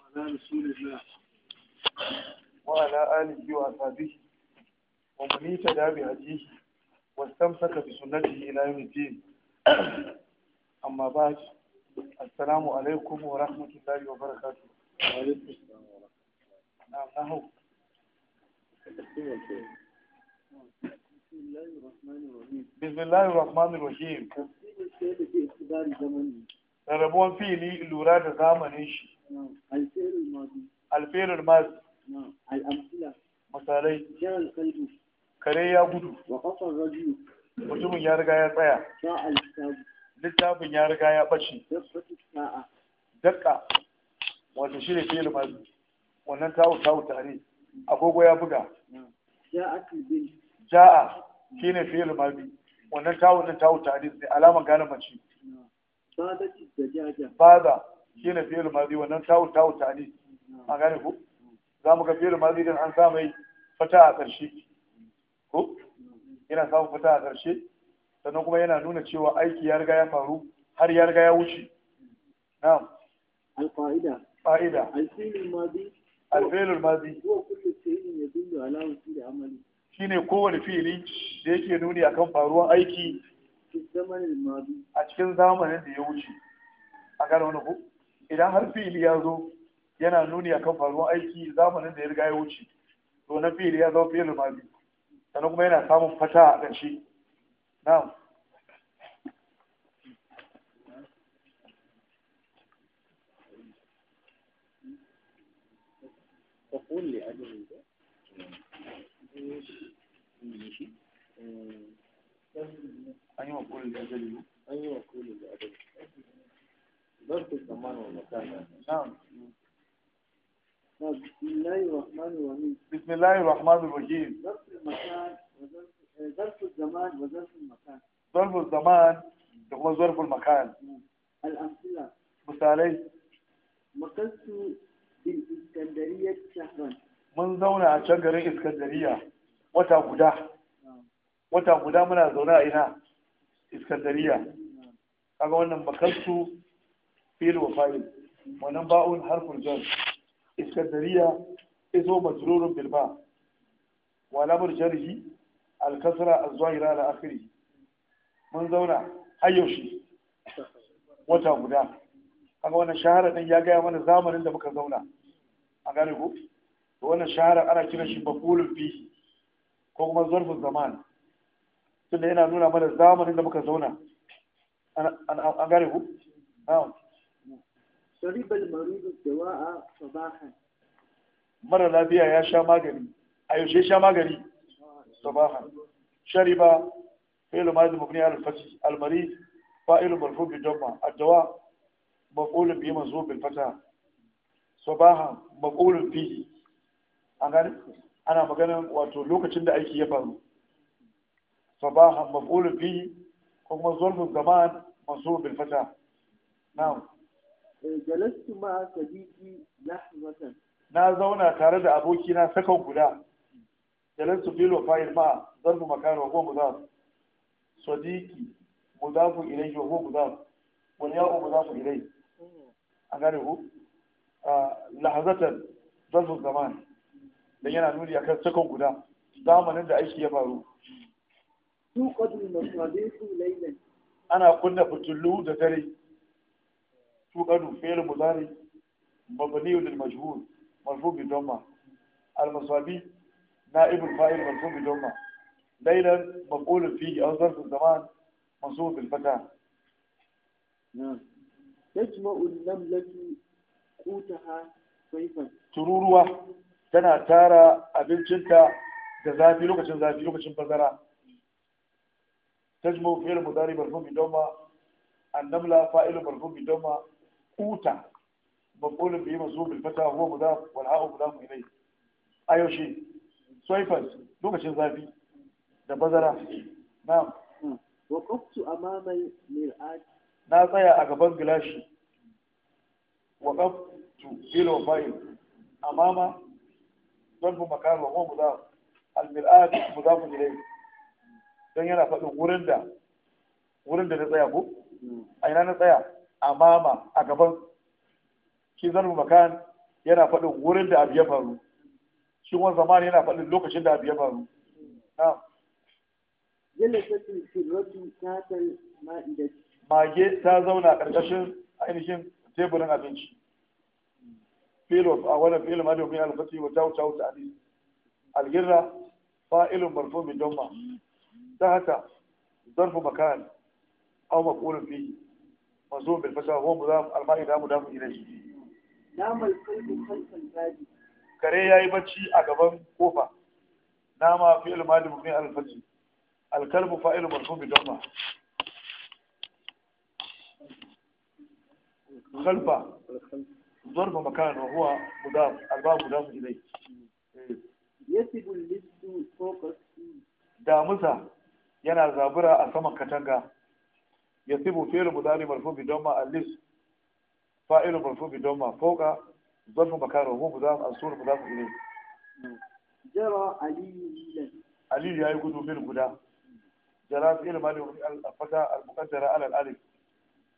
على رسول الله وعلى آله وأصحابه ومن اهتدى بهديه واستمسك بسنته إلى يوم الدين أما بعد السلام عليكم ورحمة الله وبركاته وعليكم السلام ورحمة الله نعم نحو بسم الله الرحمن الرحيم بسم الله الرحمن الرحيم تفسير الشيء في اعتبار زمنه rarrabuwan fili lura da zamanin shi alferin mazi misalai kare ya gudu mutumin ya riga ya tsaya littafin ya riga ya ɓace dakka wata shi ne fi'il mazi wannan tawo tawo tare agogo ya buga ja'a shi ne fi'il mazi wannan tawun tawo tare ne alamar gane mace Baza shi ne fiye mazi wannan tawul tawul ta ne. An gane ku? Za mu ga fiye mazi don an sa mai fata a ƙarshe. Ko? Yana samun fata a ƙarshe. Sannan kuma yana nuna cewa aiki ya riga ya faru har ya riga ya wuce. Na'am. Al-fa'ida. Fa'ida. faida mazi. Shi ne mazi. Huwa kullu kowane fili da yake nuni akan faruwan aiki a cikin zamanin da ya wuce a gane wani ku idan har fili ya zo yana nuni a kan faruwar aiki zamanin da ya riga ya wuce to na fili ya zo fili mazi sannan kuma yana samun fata a ƙarshe na'am تقول الله الرحمن الرحيم ظرف الزمان وظرف المكان ظرف الزمان هو ظرف المكان الأمثلة مثالي مقلت بالإسكندرية شهرا من زونا أشجر إسكندرية وتا غدا وتا غدا منا زونا إنا إسكندرية kaga wannan bakaltu fil wa fa'il wannan ba'un harful jar iskandariya sai zo majrurun bil ba wa lamar jarhi al a zuwa zahira la akhiri mun zauna har yaushe wata guda kaga wannan shahara din ya gaya mana zamanin da muka zauna a gane ku, da wannan shahara ana kiran shi maqulun fihi ko kuma zarfin zaman tunda yana nuna mana zamanin da muka zauna A gane ku na'am shariba al-maridu dawa'a sabahan mara lafiya ya sha magani a yaushe sha magani sabahan shariba fi'l ma'azin mafi al fathi al marid fa'il marfu bi damma ad-dawa maf'ul bi mansub bil fatha sabahan maf'ul bi an gani ana magana wato lokacin da aiki ya faru sabahan maf'ul bi kuma zulmul zaman mansub bil fatha na'am eh, jalastu ma sadiqi lahmatan na zauna tare da abokina sakan guda da lansu filo fayil ma zarfu makana wa huwa mudaf sadiki mudafu ilayhi wa huwa mudaf wal ya'u mudafu ilai a gane ku lahazatan zarfu zaman da yana nuni akan sakan guda zamanin da aiki ya faru ana kunna fitullu da dare tuqadu fi'l mudari mabni lil majhul مرفوع بالضمة المصابي نائب الفاعل مرفوع بالضمة ليلا مفعول فيه أو ظرف الزمان منصوب بالفتاة نعم تجمع النملة قوتها صيفا تروروا تنا تارا abincinta da zafi lokacin zafi lokacin bazara tajmu fi'il mudari marfu bi doma annamla fa'il marfu bi مقول به مصروف الفتى هو مضاف والهاء مضاف اليه ايو شيء سويفز لوكاشين زافي ده bazara نعم وقفت امام المرآه na tsaya a gaban gilashi wa qaftu ila fa'il amama zarfu makan wa huwa mudaf al mir'at mudaf ilayhi Don yana faɗin wurin da na tsaya ko a ina na tsaya amama a gaban shi zarmu makan yana faɗin wurin da abu ya faru shi wani zamani yana faɗin lokacin da abu ya faru mage ta zauna a ƙarƙashin ainihin teburin abinci filof a wani filin ma domin alfati wa ta wuce wuce ali algirra fa'ilun marfu min domma ta haka zarfu makan au mafulun fi mazo bil fasa huwa mudaf al-ma'ida mudaf ilayhi kare ya yi bacci a gaban kofa nama fi da mafi alfaji alkalbu fa ilu mafi bi dama kalba zorba makana na huwa guda alba guda mu ilai yasi bulmisu damusa yana zabura a saman katanga yasibu fi ilmu zari mafi bi dama alis فاعل مرفوع بدمة فوق ظرف مكان وهو مضاف الصور مضاف اليه جرى علي علي يا يقول في الغدا جرى فعل ما الفتى المقدره على الالف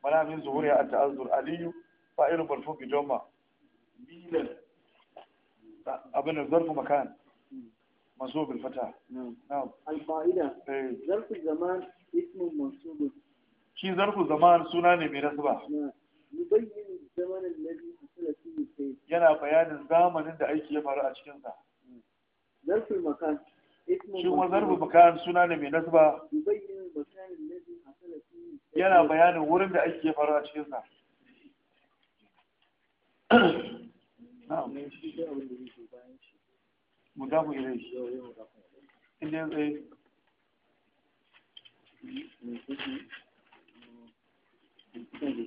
ولا من ظهورها التأذر علي فاعل مرفوع بدمة ميلا ابن ظرف مكان منصوب بالفتح نعم نعم ظرف الزمان اسم منصوب شي ظرف الزمان سنة من نعم يبين yana bayanin zamanin da aiki ya faru a cikinsa zarfin makan shi kuma zarfin makan suna ne mai nasba yana bayanin wurin da aiki ya faru a cikinsa Thank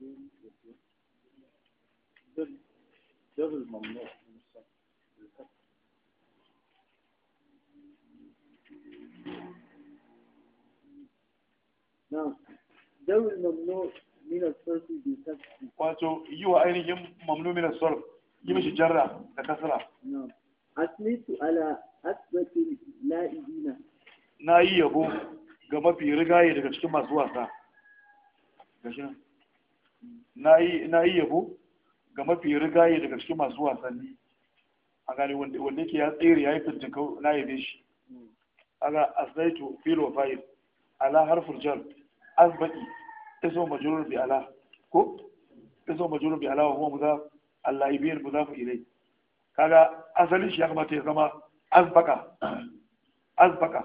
you. در الممنوع نعم الممنوع من الصرف بالكسر واتو يو اينهم ممنوع من الصرف يمشي جرة كسرة نعم أثنيت على أثبت اللائبين نايي يبو ga mafi rigaye daga cikin masu wasa. Gashi na yi yabo ga mafi rigaye daga cikin masu wasanni a gane wanda ke ya tsere ya yi fintinka na yabe shi aga asnaitu fil fayil. fa'il ala harful jar asbaki iso majrur bi ala ko iso majrur bi ala wa huwa mudaf al-laibin mudaf ilay kaga asali shi ya kamata ya zama asbaka. Asbaka.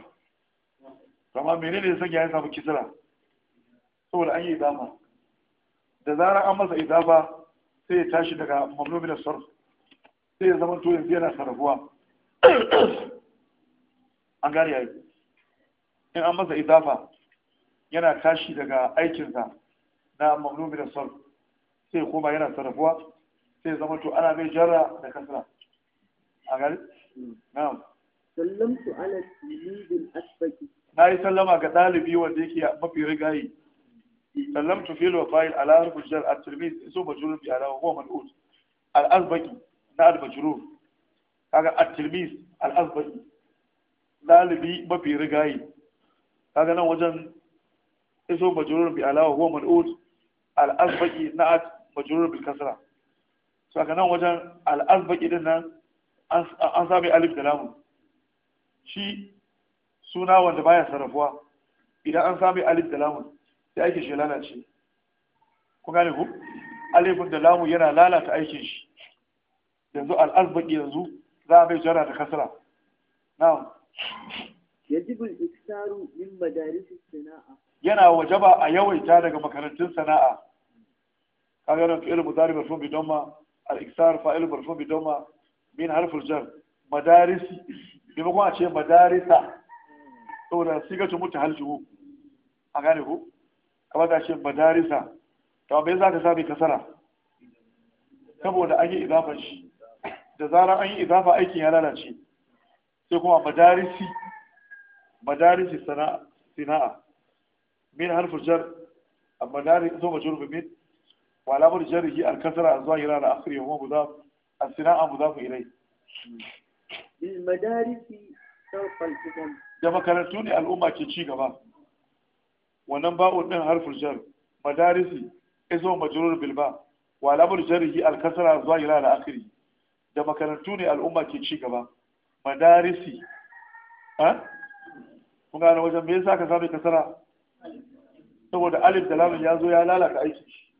amma menene sanya ya samu kisra saboda an yi idama da zarar an masa idaba sai ya tashi daga mamnu min sarf sai ya zama to yanzu yana sarrafuwa an gari yi in an masa izafa yana tashi daga aikinsa na mamnu min sarf sai koma yana sarrafuwa sai ya zama to ana mai jarra da kasra an gari na'am sallamtu ala tilibin asfaki na yi sallama ga ɗalibi wanda yake mafi rigayi سلمت في الوفايل على حرف الجر التلميذ اسم مجرور به على وهو منقول الأزبكي نا المجرور kaga at-tilmiz dalibi mafi rigayi kaga wajen iso majrur bi alawa huwa mal'ud al-azbari na'at majrur bil kasra so kaga nan wajen al-azbari an sami alif da lamun shi suna wanda baya sarrafuwa idan an sami alif da lamun sai aikin shi lalace ku gane ku alifin da lamu yana lalata aikin shi yanzu al'albaki yanzu za a bai jara da kasra na'am iktaru sana'a yana wajaba a yawaita daga makarantun sana'a kaga nan fi'il mudari marfu bi damma al-iktar fa'il bar bi damma min harful jar madarisi. bi ma kuma ce madarisa saboda sigatu halittu a gane ku kamata ce madarisa to bai za ka sami kasara saboda an yi idafar shi da zara an yi idafa aikin ya lalace sai kuma madarisi madarisi sana'a min harfin jar a madari zo majur min wa alamar jarhi al-kasara zuwa ila da akhir yawm mudaf as sana'a mudaf ilay bil madarisi sawfa al da makarantu ne al'umma ke ci gaba wannan babu din harful jar madarisi izo majrur bil ba wa alamul jarhi al kasra ila da akhiri da makarantu ne al'umma ke ci gaba madarisi ha kun gane wajen me yasa ka sami kasara saboda alif da lamun ya zo ya lalata aiki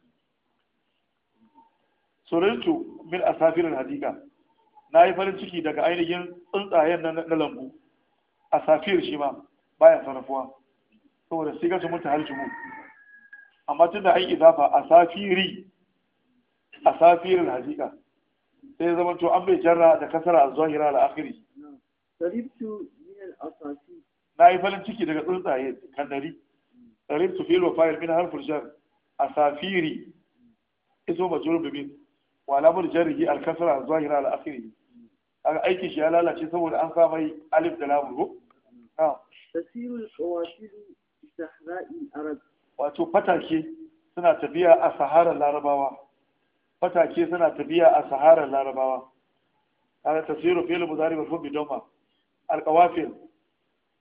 surintu min asafirin hadika na yi farin ciki daga ainihin tsuntsayen na lambu asafir shi ma bayan sarrafuwa saboda sigar su mutu haljumu amma tun da an zafa a safiri a safirin hakika sai zama to an bai jarra da kasara a zahira da akhiri na yi farin ciki daga tsuntsaye kandari tsarif tu filo fayar min harfin jar a safiri iso majurur bibin wa alamur jarri alkasara a zahira da akhiri aga aikin shi ya lalace saboda an sa mai alif da lamur ko tasirul qawasidu arab wato fatake suna tafiya a sahara larabawa fatake suna tafiya a sahara larabawa ala tafsiru fi'l mudari wa bi doma al qawafil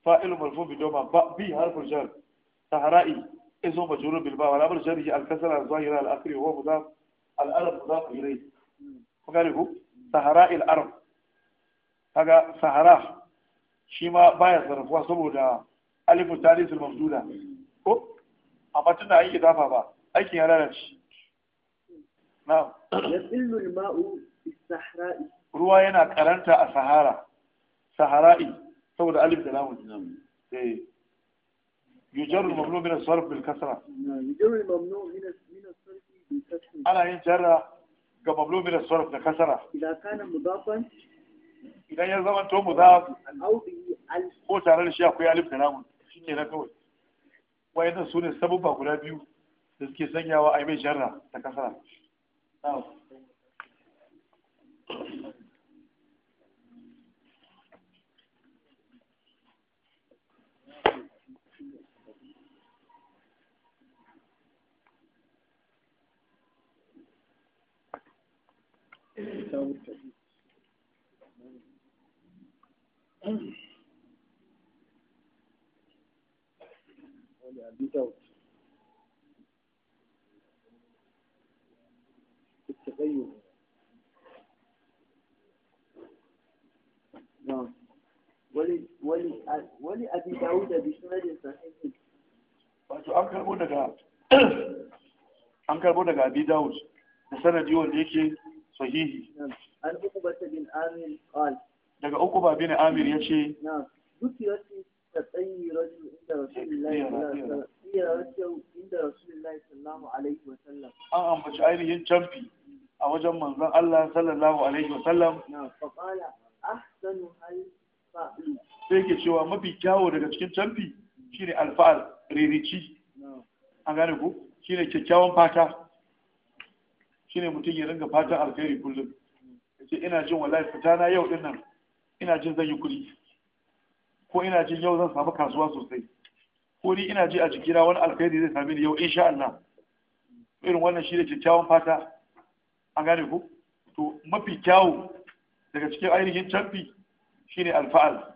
fa'il marfu bi doma ba bi harful jar sahra'i ismu majrur bil ba wal amr jarhi al kasra al zahira al akhir huwa mudaf al arab mudaf ilayh kagare ku sahra'il arab kaga sahara shi ma baya sarrafuwa saboda alifu tarisul Mabduda. ko amma batun da yi dafa ba aikin ya lalace Na yasillu mau ruwa yana karanta a sahara sahara'i saboda alif da lamun eh yujarru al-mamnu min as-sarf bil kasra yujarru min as-sarf bil kasra ana yin jarra ga mamnu min as-sarf da kasra idan kana mudafan idan ya zama to mudaf ko tare da shi akwai alif da lamun shi na kawai nan su ne sabubba guda biyu da suke sanyawa a yi mai jarra ta kasa Thank you. أبي داود التغير نعم ولي ولي ولي أبي داود an karbo daga an karbo da sanadi wanda yake sahihi an uku ba bin amir daga uku ba bin amir yace na dukiyati ta tsayi rajul an ambaci ainihin camfi a wajen manzon Allah sallallahu alaihi wa sallam sai ke cewa mafi kyawo daga cikin camfi shine alfa'al ririci an gane ku shine kyakkyawan fata shine mutum ya ringa fatan alkhairi kullum yace ina jin wallahi fitana yau din nan ina jin zan yi kuɗi ko ina jin yau zan samu kasuwa sosai ko ni ina ji a jikina wani alkhairi zai same ni yau insha Allah irin wannan shi ne kyakkyawan fata an gane ku to mafi kyawu daga cikin ainihin canfi shi ne alfa'al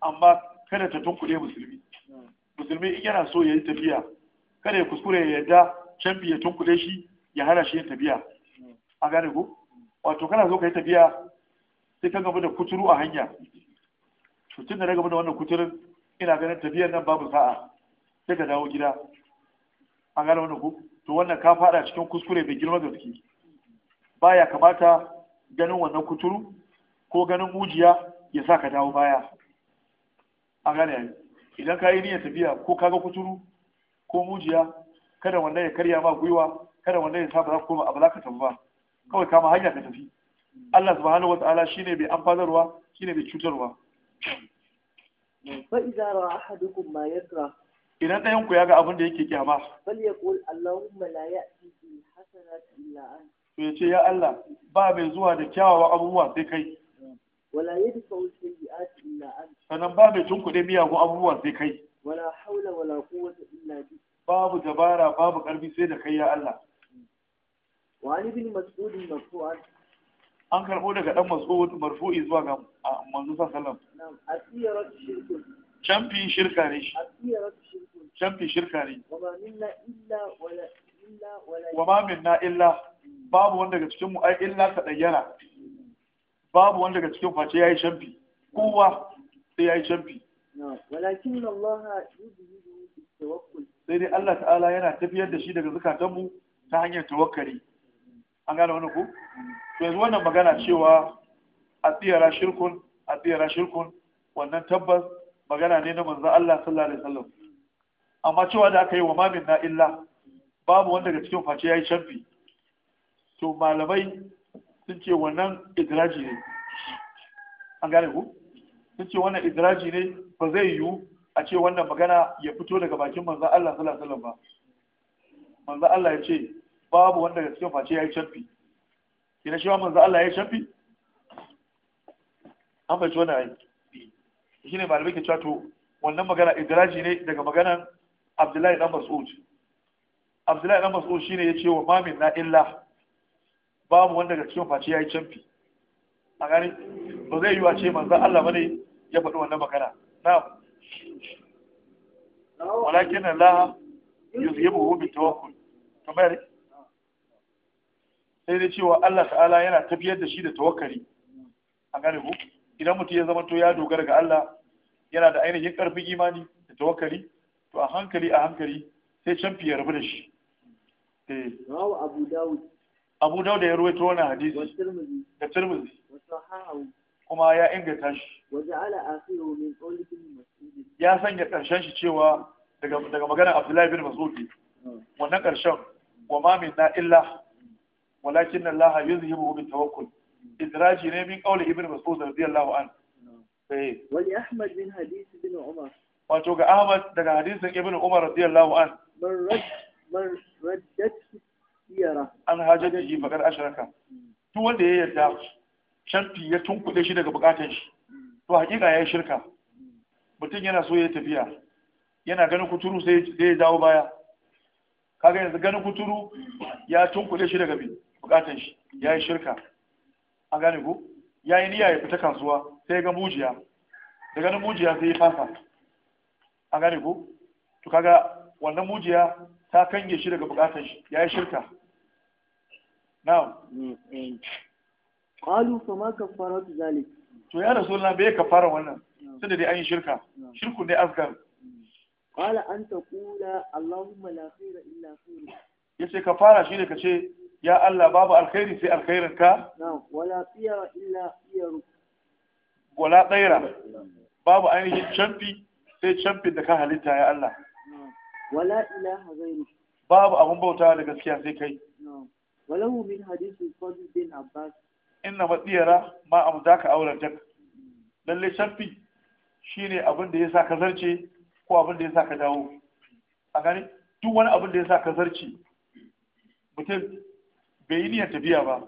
amma kada ta tunkuɗe musulmi musulmi in yana so ya yi tafiya kada ya kuskure ya yarda canfi ya tunkuɗe shi ya hana shi yin tafiya an gane ku wato kana zo ka yi tafiya sai ka gaba da kuturu a hanya Cutun da na gaba da wannan kuturin ina ganin tafiyar nan babu sa'a sai ka dawo gida an gane wannan ku to wannan ka fada cikin kuskure mai girma gaske baya kamata ganin wannan kuturu ko ganin mujiya ya sa ka dawo baya an gane yayi idan ka yi niyyar tafiya ko kaga kuturu ko mujiya kada wannan ya karya ma gwiwa kada wannan ya sa ba za ka koma abu za ka tafi ba kawai kama hanya ka tafi Allah subhanahu wa ta'ala shine mai amfanarwa shine mai cutarwa fa idza ra ahadukum idan ɗayan ku ya ga abin da yake kyama bal yaqul illa an ya Allah ba mai zuwa da kyawawan abubuwa sai kai wala yadfa'u sayyi'ati illa an ba mai tunkuɗe miyagun abubuwa sai kai haula wala illa babu dabara babu karfi sai da kai ya Allah wa ibn an karɓo daga ɗan mas'ud marfu'i zuwa ga manzo sallallahu alaihi shirka ne shi shirka ne wa ma minna illa babu wanda daga cikin mu ai illa ta dayyara babu wanda daga cikin face yayi champi kowa sai yayi champi walakin Allah sai dai Allah ta'ala yana tafiyar da shi daga zakatanmu ta hanyar tawakkali an gane wani ku to yanzu wannan magana cewa a tsiyara shirkun a tsiyara shirkun wannan tabbas magana ne na manzo Allah sallallahu alaihi wasallam amma cewa da aka yi wa mamin na illa babu wanda daga cikin face yayi shafi to malamai sun ce wannan idraji ne an gane ku sun ce wannan idraji ne ba zai yiwu a ce wannan magana ya fito daga bakin manzo Allah sallallahu alaihi wasallam ba manzo Allah ya ce babu wanda daga cikin face ya yi canfi kina shi manzo Allah ya yi canfi an fahimci wannan ayi shi ne malamai ke cewa to wannan magana idraji ne daga maganan Abdullahi dan Mas'ud Abdullahi dan Mas'ud ne ya ce wa mamin na illa babu wanda daga cikin face ya yi canfi a gani ba zai yi wa ce manzo Allah bane ya faɗi wannan magana na walakin Allah yuzhibuhu bitawakkul kamar sai dai cewa Allah ta'ala yana tafiyar da shi da tawakkali an gane ku idan mutum ya zama to ya dogara ga Allah yana da ainihin karfin imani da tawakkali to a hankali a hankali sai can fiye rabu da shi eh. Abu Dawud ya ruwaito wani hadisi da Tirmidhi kuma ya inganta shi ya sanya karshen shi cewa daga maganar Abdullahi bin Mas'ud ah. wannan karshen wa ma na illa walakin الله yuzhibu بالتوكل tawakkul idraji ne min qawli ibn mas'ud radiyallahu an eh wa li ahmad min hadith ibn umar wato ga ahmad daga hadisin ibn umar radiyallahu an man rad man raddat yara an hajati bakar ashraka duk wanda ya yarda sharti ya tunkuɗe shi daga shi to shirka mutum yana so ya tafiya yana ganin kuturu sai ya dawo baya kaga yanzu ganin kuturu ya tunkule shi daga bi bukatan shi ya yi shirka A gane ku ya yi niyya ya fita kasuwa sai ga mujiya da ganin mujiya sai ya fasa A gane ku to kaga wannan mujiya ta kange shi daga bukatan shi ya yi shirka now qalu fa ma kafaratu zalik to ya rasulullah bai kafara wannan tunda dai an yi shirka shirku ne asgar qala an taqula allahumma la khaira illa khairuk yace kafara shine kace ya Allah babu alkhairi sai alkhairin ka wala tsira illa tsiyaru wala tsaira babu ainihin camfi sai camfin da ka halitta ya Allah wala ilaha ghairu babu abun bauta da gaskiya sai kai walahu min hadisi fadl bin abbas inna matsiyara ma amdaka auratak lalle camfi shine abin da yasa ka zarce ko abin da yasa ka dawo a gani duk wani abin da yasa ka zarce mutum bai yi niyyar tafiya ba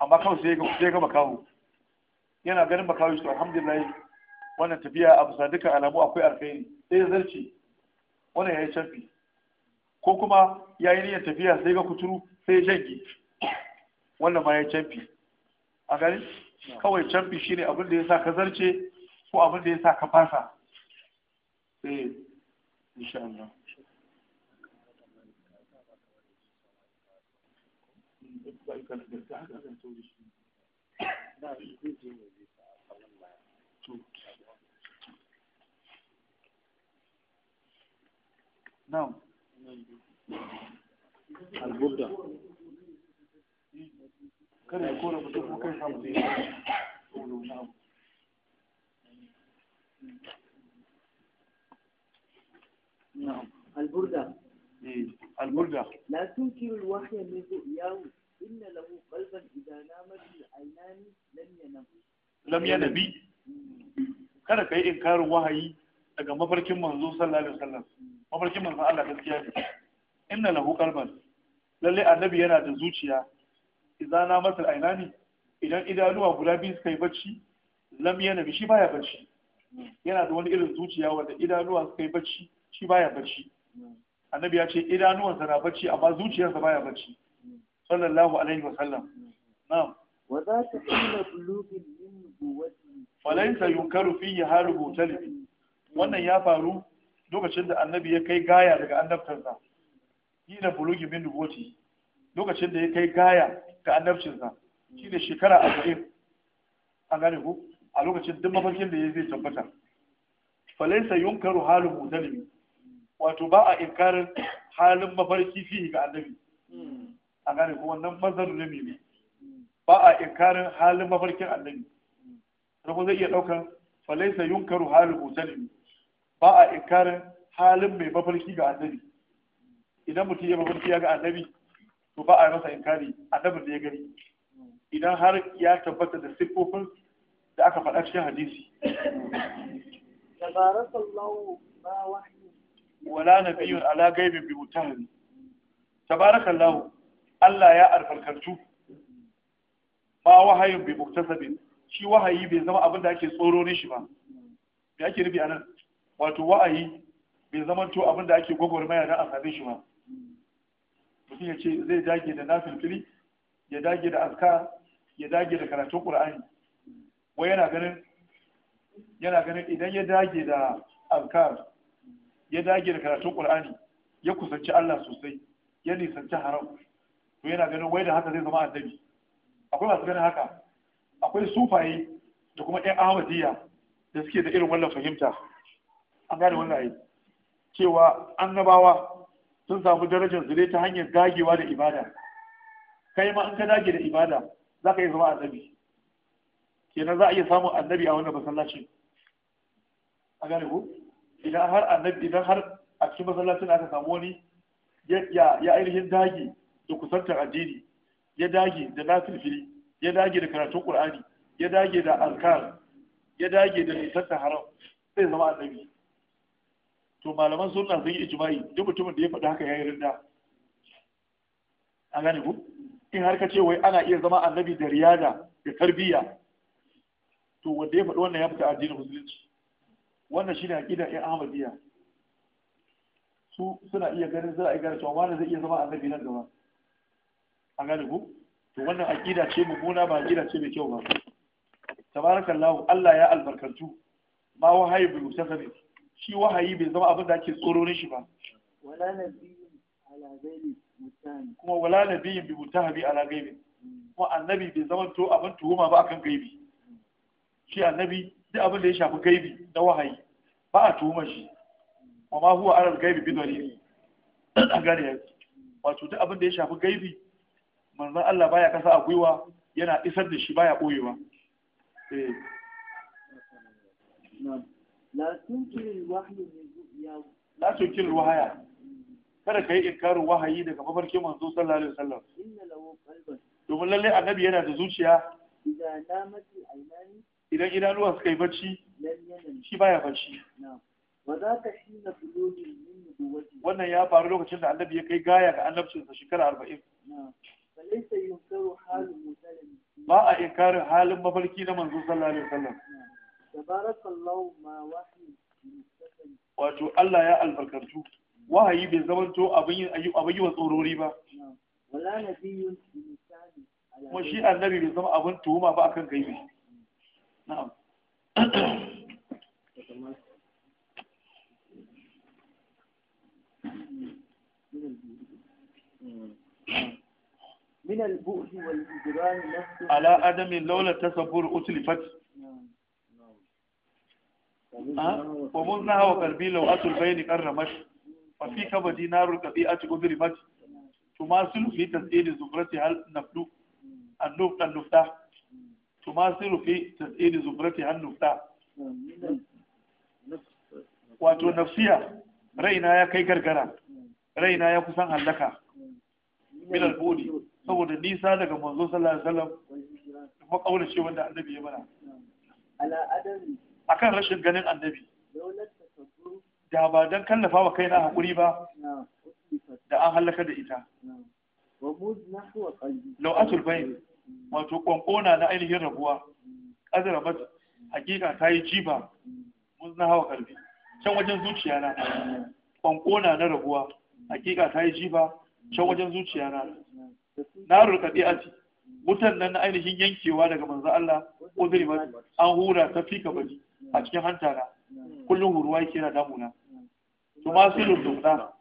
amma kawai sai ya ga makaho yana ganin makaho shi to alhamdulillah wannan tafiya a bisa dukkan alamu akwai alkhairi sai ya zarce wannan ya yi canfi ko kuma ya yi niyyar tafiya sai ga kuturu sai ya janye wannan ma ya canfi a gani kawai canfi shine abin da ya sa ka zarce ko abin da ya sa ka fasa eh insha Allah su Now, al-Buddha. Kada ya kora mutum ko samu inna lahu qalban idza namat al-aynani lam yanam lam yanabi kada kai inkarin wahayi daga mafarkin manzo sallallahu alaihi wasallam mafarkin manzo Allah gaskiya ne inna lahu qalban lalle annabi yana da zuciya idza namat al-aynani idan idanuwa guda biyu suka yi bacci lam yanabi shi baya bacci yana da wani irin zuciya wanda idanuwa suka yi bacci shi baya bacci annabi ya ce idanuwansa na bacci amma zuciyarsa baya bacci sallallahu alaihi wa sallam. na'am wa za ta kila bulugin min nubuwati falaisa yunkaru fihi harubu talibi wannan ya faru lokacin da annabi ya kai gaya daga annabtarsa hina bulugi min nubuwati lokacin da ya kai gaya ga annabcinsa shine shekara 40 an gane ku a lokacin duk mafarkin da ya zai tabbata falaisa yunkaru halu mutalimi wato ba a inkarin halin mafarki fihi ga annabi a gane ko wannan mazaru ne mai ba a inkarin halin mafarkin annabi farko zai iya daukar falaisa yunkaru halin mutane ba a inkarin halin mai mafarki ga annabi idan mutum ya mafarki ya ga annabi to ba a masa inkari annabin da ya gani idan har ya tabbata da siffofin da aka faɗa cikin hadisi tabarakallahu ba wahyi wala nabiyyun ala ghaibin bi mutahari tabarakallahu Allah ya albarkantu ba wahayin bai muktasabin shi wahayi bai zama abin da ake tsoro ne shi ba me ake nufi anan wato wa'ayi bai zama to abin da ake gwagwarmaya na asabin shi ba mutum ya ce zai dage da nafilfili ya dage da azkar ya dage da karatun qur'ani wai yana ganin yana ganin idan ya dage da azkar ya dage da karatun qur'ani ya kusanci Allah sosai ya nisanci haram to yana ganin wai da haka zai zama annabi akwai masu ganin haka akwai sufaye da kuma ɗan ahmadiyya da suke da irin wannan fahimta an gane wannan ayi cewa annabawa sun samu darajar ne ta hanyar dagewa da ibada kai ma an ka dage da ibada za ka yi zama annabi kenan za a iya samun annabi a wannan masallaci a gane ku idan har annabi idan har a cikin masallacin aka samu wani ya ainihin dage da kusantar addini ya dage da nafilfili ya dage da karatun qur'ani ya dage da alkar ya dage da nisanta haram sai zama annabi to malaman sunna sun yi ijma'i duk mutumin da ya faɗi haka yayin rinda A gane ku in har ka ce wai ana iya zama annabi da riyada da tarbiyya to wanda ya faɗi wannan ya fita addinin musulunci wannan shine aqida ya ahmadiyya su suna iya ganin za a iya gane cewa wani zai iya zama annabi nan gaba an gane ku to wannan aƙida ce mummuna ba aqida ce mai kyau ba tabarakallahu Allah ya albarkantu Ba wahayi bi mutasabi shi wahayi bai zama abin da ake tsoro shi ba wala nabiyyin ala ghairi mutani kuma wala nabiyyin bi mutahabi ala ghairi kuma annabi bai zama to abin tuhuma ba akan gaibi shi annabi duk abin da ya shafi gaibi na wahayi ba a tuhuma shi amma huwa alal gaibi bi dalili a gane wato duk abin da ya shafi gaibi manzan Allah baya kasa a gwiwa yana isar da shi baya boyewa eh la tunkirul wahyi la tunkirul wahaya kada ka yi inkarin wahayi daga mafarkin manzo sallallahu alaihi wasallam domin lallai annabi yana da zuciya idan idanuwa suka yi bacci shi baya bacci wannan ya faru lokacin da annabi ya kai gaya ga annabcinsa shekara arba'in ba a inkarin halin mafarki na manzo sallallahu alaihi wasallam tabarakallahu ma wahyi wato Allah ya albarkantu wahayi bai zamanto abin yi abin yi wa tsorori ba wala nabiyyun kuma shi annabi bai zama abin tuhuma ba akan gaibi na'am Mm-hmm. min al-bu'd wal jibran nafsu ala adam laula tasabur utlifat wa munna wa qalbi law atul bayni qarramat fa fi kabadi narul qabi'ati udrimat tumasil fi tasdid zubrati hal wato nafsiya raina ya kai gargara raina ya kusan hallaka min al saboda nisa daga manzo sallallahu alaihi wasallam da kuma kaurace wanda annabi ya mana akan rashin ganin annabi da ba don kallafa wa kaina hakuri ba da an halaka da ita Lau atul bayin wato kwankona na ainihin rabuwa ƙazara mata hakika ta yi jiba mun na hawa ƙarfi can wajen zuciya na kwankona na rabuwa hakika ta yi jiba can wajen zuciya na narul qadi'ati mutan nan na ainihin yankewa daga manzo Allah zai ba an hura ta fika baji a cikin hantara kullum huruwa yake na damuna to ma sai dubna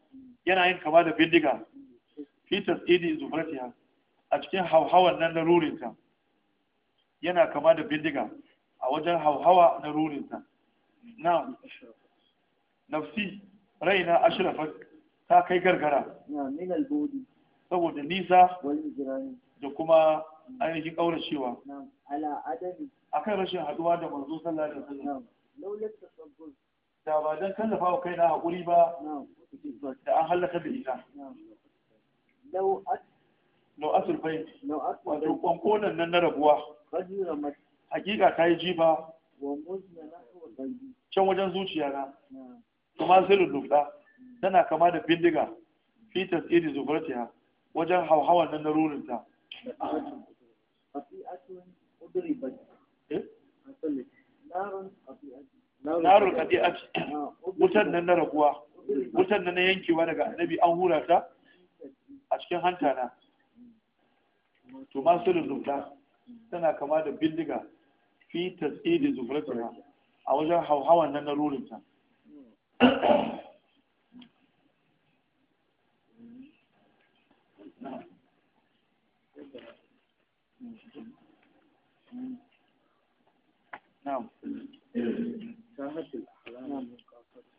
yana yin kama da bindiga fitas idi zubratiya a cikin hauhawan nan na rurinta yana kama da bindiga a wajen hauhawa na rurinta na nafsi raina ashrafat ta kai gargara saboda nisa da kuma ainihin a akan rashin haduwa da manzo sallallahu da wasallam da ba don kallafa wa kaina hakuri ba da an halaka da ita lau asul bai wato ƙwanƙonan nan na rabuwa hakika ta yi jifa can wajen zuciya na kuma zirin lukta tana kama da bindiga fitas iri zubartiya wajen hauhawan nan na rurinta narun ƙadi'at wutan nan na raguwa wutan nan na yankewa daga annabi an hura ta a cikin hanta na to masu rubuta tana kama da bindiga fi tasiri zufratina a wajen hauhawa nan na rurinta na'am sahatul ahlam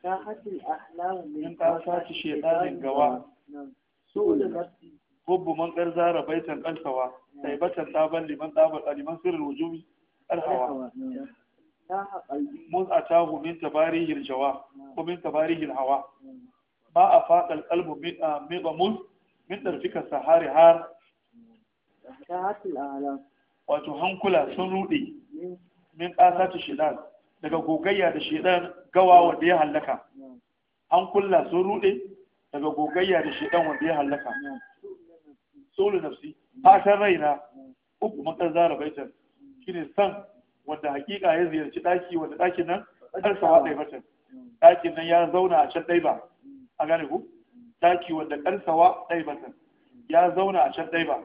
sahatul ahlam min qasati shaytanin gawa su'ul nafsi hubbu man qarza rabaitan qalsawa taibatan taban liman taban liman sirrul wujumi alhawa mun atahu min tabarihil jawa ko min tabarihil hawa ma a faɗar kalbu min ɗarfikar sahari har wato hankula sun rude min ƙasatu shedan daga gogayya da shedan gawa wanda ya hallaka hankula sun rude daga gogayya da shedan wanda ya hallaka sulu nafsi fatan raina uku makar zara baitan ne san wanda hakika ya ziyarci daki wanda ɗakin nan ɗan sawa ɗaya batan Ɗakin nan ya zauna a can ɗai ba a gane ku daki wanda ƙarsawa ɗai batan ya zauna a can ɗai ba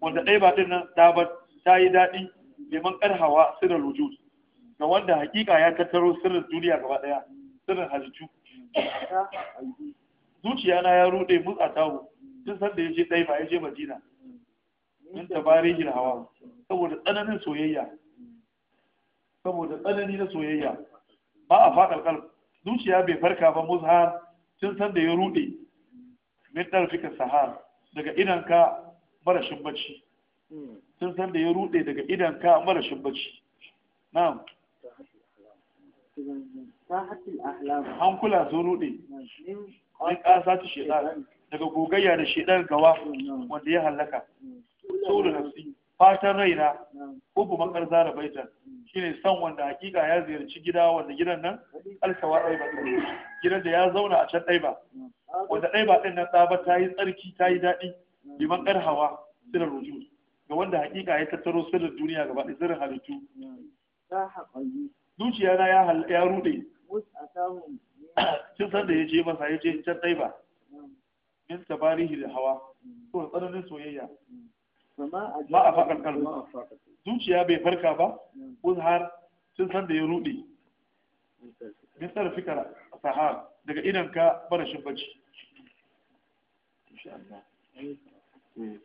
wanda ɗai ba ɗin nan ɗabar ta yi daɗi neman ƙarhawa sirrin wujud ga wanda hakika ya tattaro sirrin duniya gaba ɗaya sirrin halittu zuciya na ya ruɗe mutsa tawo tun san da ya je ba ya je madina min tabarihin hawa saboda tsananin soyayya saboda tsanani na soyayya ba a faɗar kalb zuciya bai farka ba muzhar tun san da ya rude min ɗarfikar sahar daga ka marashin bacci Sun san da ya rude daga idan ka mara shubbaci na'am hankula sun rude min ƙasa ta shedan daga gogayya da shedan gawa wanda ya hallaka sauru nafsi fatan raina ubu makar zara baitan shine san wanda hakika ya ziyarci gida wanda gidan nan alkawa ɗaiba gidan da ya zauna a can ba, wanda ba ɗin nan tsaba ta yi tsarki ta yi daɗi liman hawa sirar rujus ga wanda hakika ya tattaro sirrin duniya gaba da sirrin halittu zuciya na ya rude cin san da ya je masa ya in can ɗai ba hmm. min tabari da hawa da tsananin soyayya ma a fakar kalma zuciya bai farka ba hmm. har cin san da ya rude hmm. min a sahar daga idan ka barashin bacci insha Allah